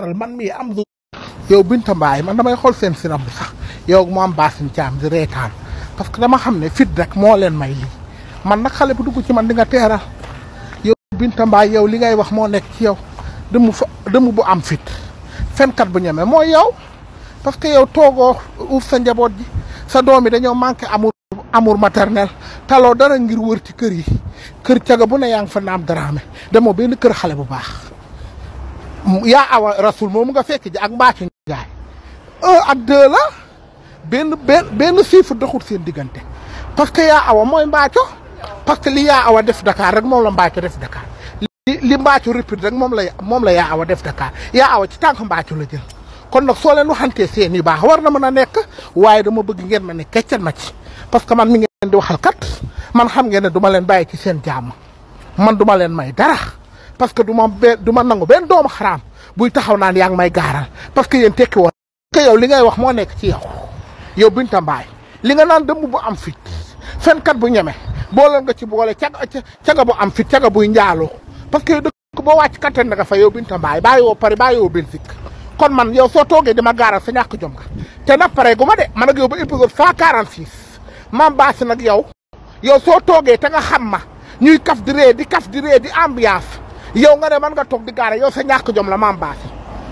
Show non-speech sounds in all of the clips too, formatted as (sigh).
xaaral man mi am du yow Binta mbaay man damay xol sen sinam bi sax yow mo am baasin caam di reetaan parce que dama xamne fit rek mo len may li man nak xale bu dugg ci man di nga tera yow Binta mbaay yow li ngay wax mo nek ci yow demu demu bu am fit kat bu ñame mo yow parce que yow togo uuf sa njabot ji sa doomi dañu manke amour amour maternel talo dara ngir wër ci kër yi kër ciaga bu ne yang fa naam drame demo ben kër xale bu baax yaa awa rasul moom nga fekk ji ak Mbacke Ndiaye un ak deux la benn benn benn chiffre doxul seen diggante parce que yaa awa mooy Mbacco parce que li yaa awa def dakaar rek moom la Mbacco def Dakar li li Mbacco répété moom la moom la yaa awa def Dakar yaa awa ci tànk Mbacco la jël kon nag soo leen waxantee seen yu baax war na mën a nekk waaye dama bëgg ngeen ma ne keccat ma ci parce que man mi ngeen di waxal kat man xam ngeen ne duma leen bàyyi ci seen jàmm man duma leen may dara. parce que du ma benn ma nangu benn doomu xaraam buy taxaw naan yaa ngi may gaaral parce que yéen tekki woon. parce que yow li ngay wax moo nekk ci yow yow Binta Mbaye li nga naan dëmm bu am fit fenkat bu ñeme boole nga ci boole caga caga bu am fit caga buy njaaloo parce que yow dëkk boo wàcc kattan nga fa yow Binta Mbaye bàyyiwoo pare bàyyiwoo benn sikk kon man yow soo toogee dama gaaral sa ñàkk jom nga te nag pare gu ma de man ak yow ba épisode 146 maam baasi nag yow yow soo toogee te nga xam ñuy kaf di di kaf di di ambiance. yow nga ne man nga toog di gaare yow sa ñàkk jom la maam baasi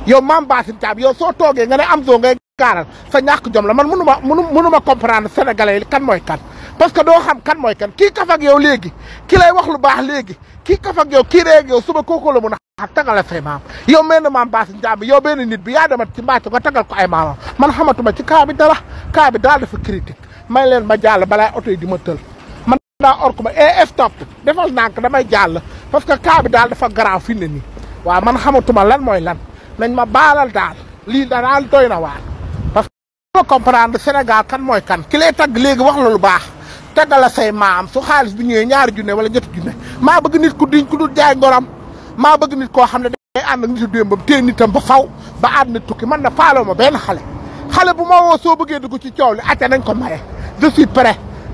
yow maam baasi caab yow soo toogee nga ne am zoo ngay gaaral sa ñàkk jom la man mënu ma mënu mënu comprendre sénégalais yi kan mooy kan parce que doo xam kan mooy kan kii kaf yow léegi ki lay wax lu baax léegi kii kaf ak yow kii reeg yow suba kooku la mun a xaar tagal say maam yow mel na maam baasi caab yow benn nit bi yaa demat ci mbàcco nga tagal ko ay maamam man xamatuma ci kaa bi dara kaa bi daal dafa critique may leen ma jàll balaa oto ma tël daa ork ba e eh, stop defal ndànk damay jàll parce que cas bi daal dafa garaaw fi ne nii waaw man xamatuma lan mooy lan nañ ma baalal daal lii daal doy na waar parce que comprendre Sénégal kan mooy kan ki lay tagg léegi wax la lu baax taggal la say maam su xaalis bi ñëwee ñaari junne wala ñetti junne maa bëgg nit ku diñ ku dul jaay ngoram maa bëgg nit koo xam ne day ànd ak nitu démbam tee nitam ba faw ba na tukki man na faaloo ma benn xale xale bu ma woo soo bëggee dugg ci coow li acca nañ ko maye je suis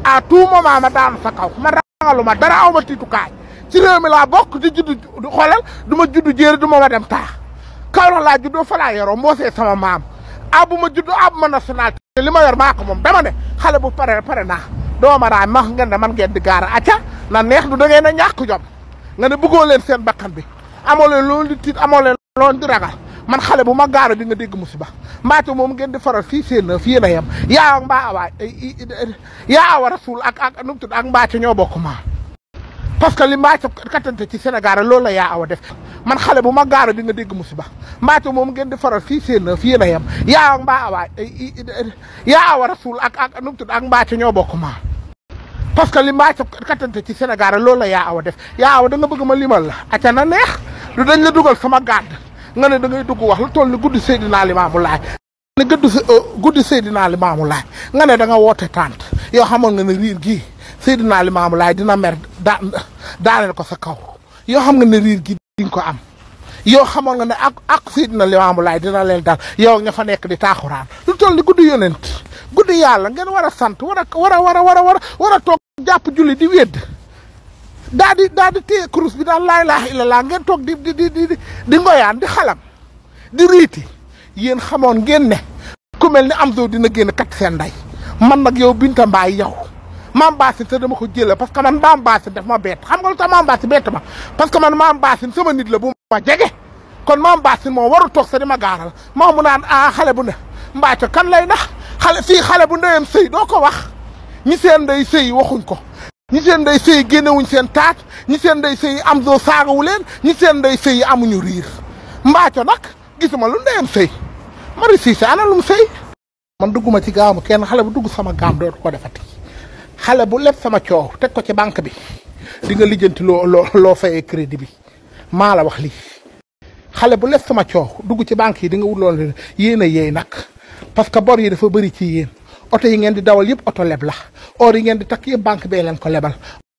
à tout moment ma daanu sa kaw ma ragalu ma dara aw ma tiitukaay ci réew mi bokk di judd xoolal du ma judd jéeri du ma ma dem taax Kaolack laa juddoo fa laa yoroo mboosee sama maam abu ma juddoo ab ma nationalité li ma yor maa ko moom dama ne xale bu pare pare naa dooma daa max ngeen man ngeen di gaara acca na neex du da ngeen a ñàkk jom nga ne bëggoo leen seen bakkan bi amoo leen loolu di tiit amoo leen di ragal man xale bu ma gaaro di dégg musiba mbaatu moom ngeen di faral fii seen na fii na yem eh, eh, eh, ak ak nu mu tudd ak mbaatu que li mbaatu kattante ci Sénégal loolu la yaa man xale bu ma gaaro dégg musiba moom ngeen di faral fii seen na fii na yem ak ak nu ak mbaatu ñoo bokk maa li mbaatu kattante ci Sénégal loolu la yaa awa def yaa awa da bëgg ma limal la aca na neex du dañ la dugal sama gàdd nga ne da ngay dugg wax lu toll ni guddi Seydina Limaamu Laay ne guddi euh, guddi Seydina Limaamu Laay nga ne da nga woote tànt yoo xamoon nga ne riir gii Seydina Limaamu Laay dina mer daa ko sa kaw yoo xam nga ne riir gi di ko am yoo xamoon nga ne ak ak Seydina Limaamu Laay dina leen dal yow nga fa nekk di taaxuraan lu toll ni guddi yonent guddi yàlla ngeen war a sant war a war a war jàpp julli di wedd daa di daa di téye kurus bi laay laa ilaaha laa ngeen toog di di di di di ngoyaan di xalam di riiti yéen xamoon ngeen ne ku mel ni am Amzo dina génn kat seen ndey man nag yow Binta Mbaay yow maam Baasin sax ma ko jëlee parce que man maam Baasin daf ma bett xam nga lu tax maam Baasin bett ma parce que man maam Baasin sama nit la bu ma jege kon maam Baasin moo waru toog sa di ma gaaral moo mu naan ah xale bu ne mbaaco kan lay nax xale fii xale bu ndeyam sëy doo ko wax ñi seen ndey sëy waxuñ ko ñi seen ndey sëy génnewuñ seen taat ñi seen ndey sëy am doo saagawu leen ñi seen ndey sëy amuñu riir mbaaco nag gisuma lu ndeyam sëy mari siise ana lu mu sëy man dugguma ci gaamu kenn xale bu dugg sama gaam dootu ko defati xale bu leb sama coow teg ko ci banque bi di nga lijjanti loo loo loo fayee crédit bi maa la wax lii xale bu leb sama coow dugg ci banque yi di nga wut loolu yéen a yéey nag parce que bor yi dafa bëri ci yéen auto yi ngeen di dawal yëpp auto leb la or yi ngeen di takk yëpp banque bee leen ko lebal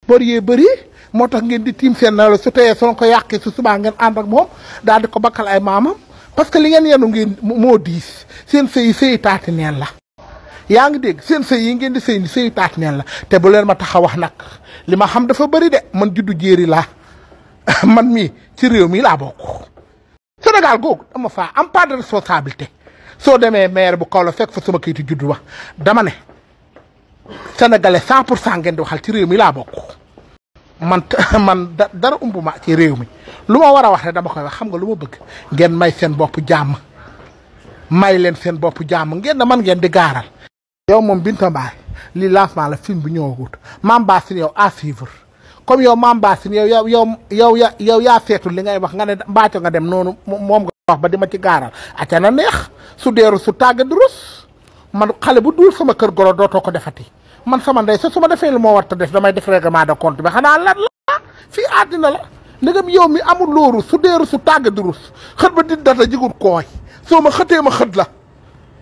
bor yee bëri moo tax ngeen di tiim seen na la su teyee soo ko yàqee su subaa ngeen ànd ak moom daal di ko bakkal ay maamam parce que li ngeen yenu ngeen moo diis seen sëy sëy taati neen la yaa ngi dégg seen sëy yi ngeen di sëy ni sëy taat neen la te bu leen ma tax a wax nag li ma xam dafa bëri de man juddu jéeri laa (laughs) man mii ci réew mi laa bokk Sénégal googu dama faa am pas de responsabilité soo demee maire bu kaw la fekk fa sama kayitu juddu wax dama ne sénégalais cent pour cent ngeen di waxal ci réew mi laa bokk. man (laughs) man dara umbu ma ci réew mi lu ma war a wax rek dama koy wax xam nga lu ma bëgg ngeen may seen boppu jàmm may leen seen boppu jàmm ngeen na man ngeen di gaaral. yow moom Binta Mbaye lii lancement la film bu ñëw Mame Bassine yow à suivre comme yow Mame Bassine yow yow yow yow yow yaa seetu li ngay wax nga ne mbaaco nga dem noonu moom. wax ba di ma ci gaaral aca na neex su deeru su tàgg di rus man xale bu duul sama kër goro dootoo ko defati man sama ndey sa su ma defee lu moo war ta def damay def règlement de compte bi xanaa lan la fii àddina la ndegam yow mi amul lóoru su deeru su tàgg di rus xët ba di data jigul kooy soo ma xëtee ma xët la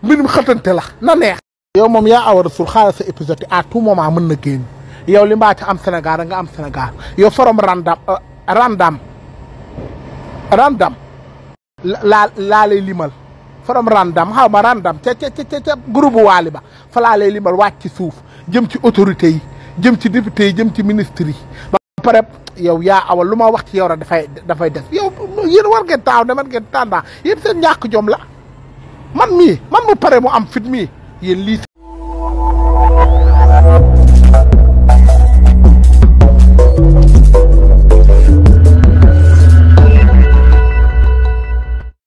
mbirum xëtante la na neex yow moom yaa awar sul xaaral sa épisode à tout moment mën na génn yow li mbaa ci am Sénégal nga am Sénégal yow forom randam randam randam laa laa lay limal forom randam xaw ma randam ca ca ca ca groupe waali ba fa laa lay limal wàcc ci suuf jëm ci autorités yi jëm ci député yi jëm ci ministre yi ba pare yow yaa aw lu ma wax ci yow rek dafay dafay des yow yéen war ngeen taaw ne man ngeen tàndaa yéen seen ñàkk jom la man mii man mu pare mu am fit mii yéen lii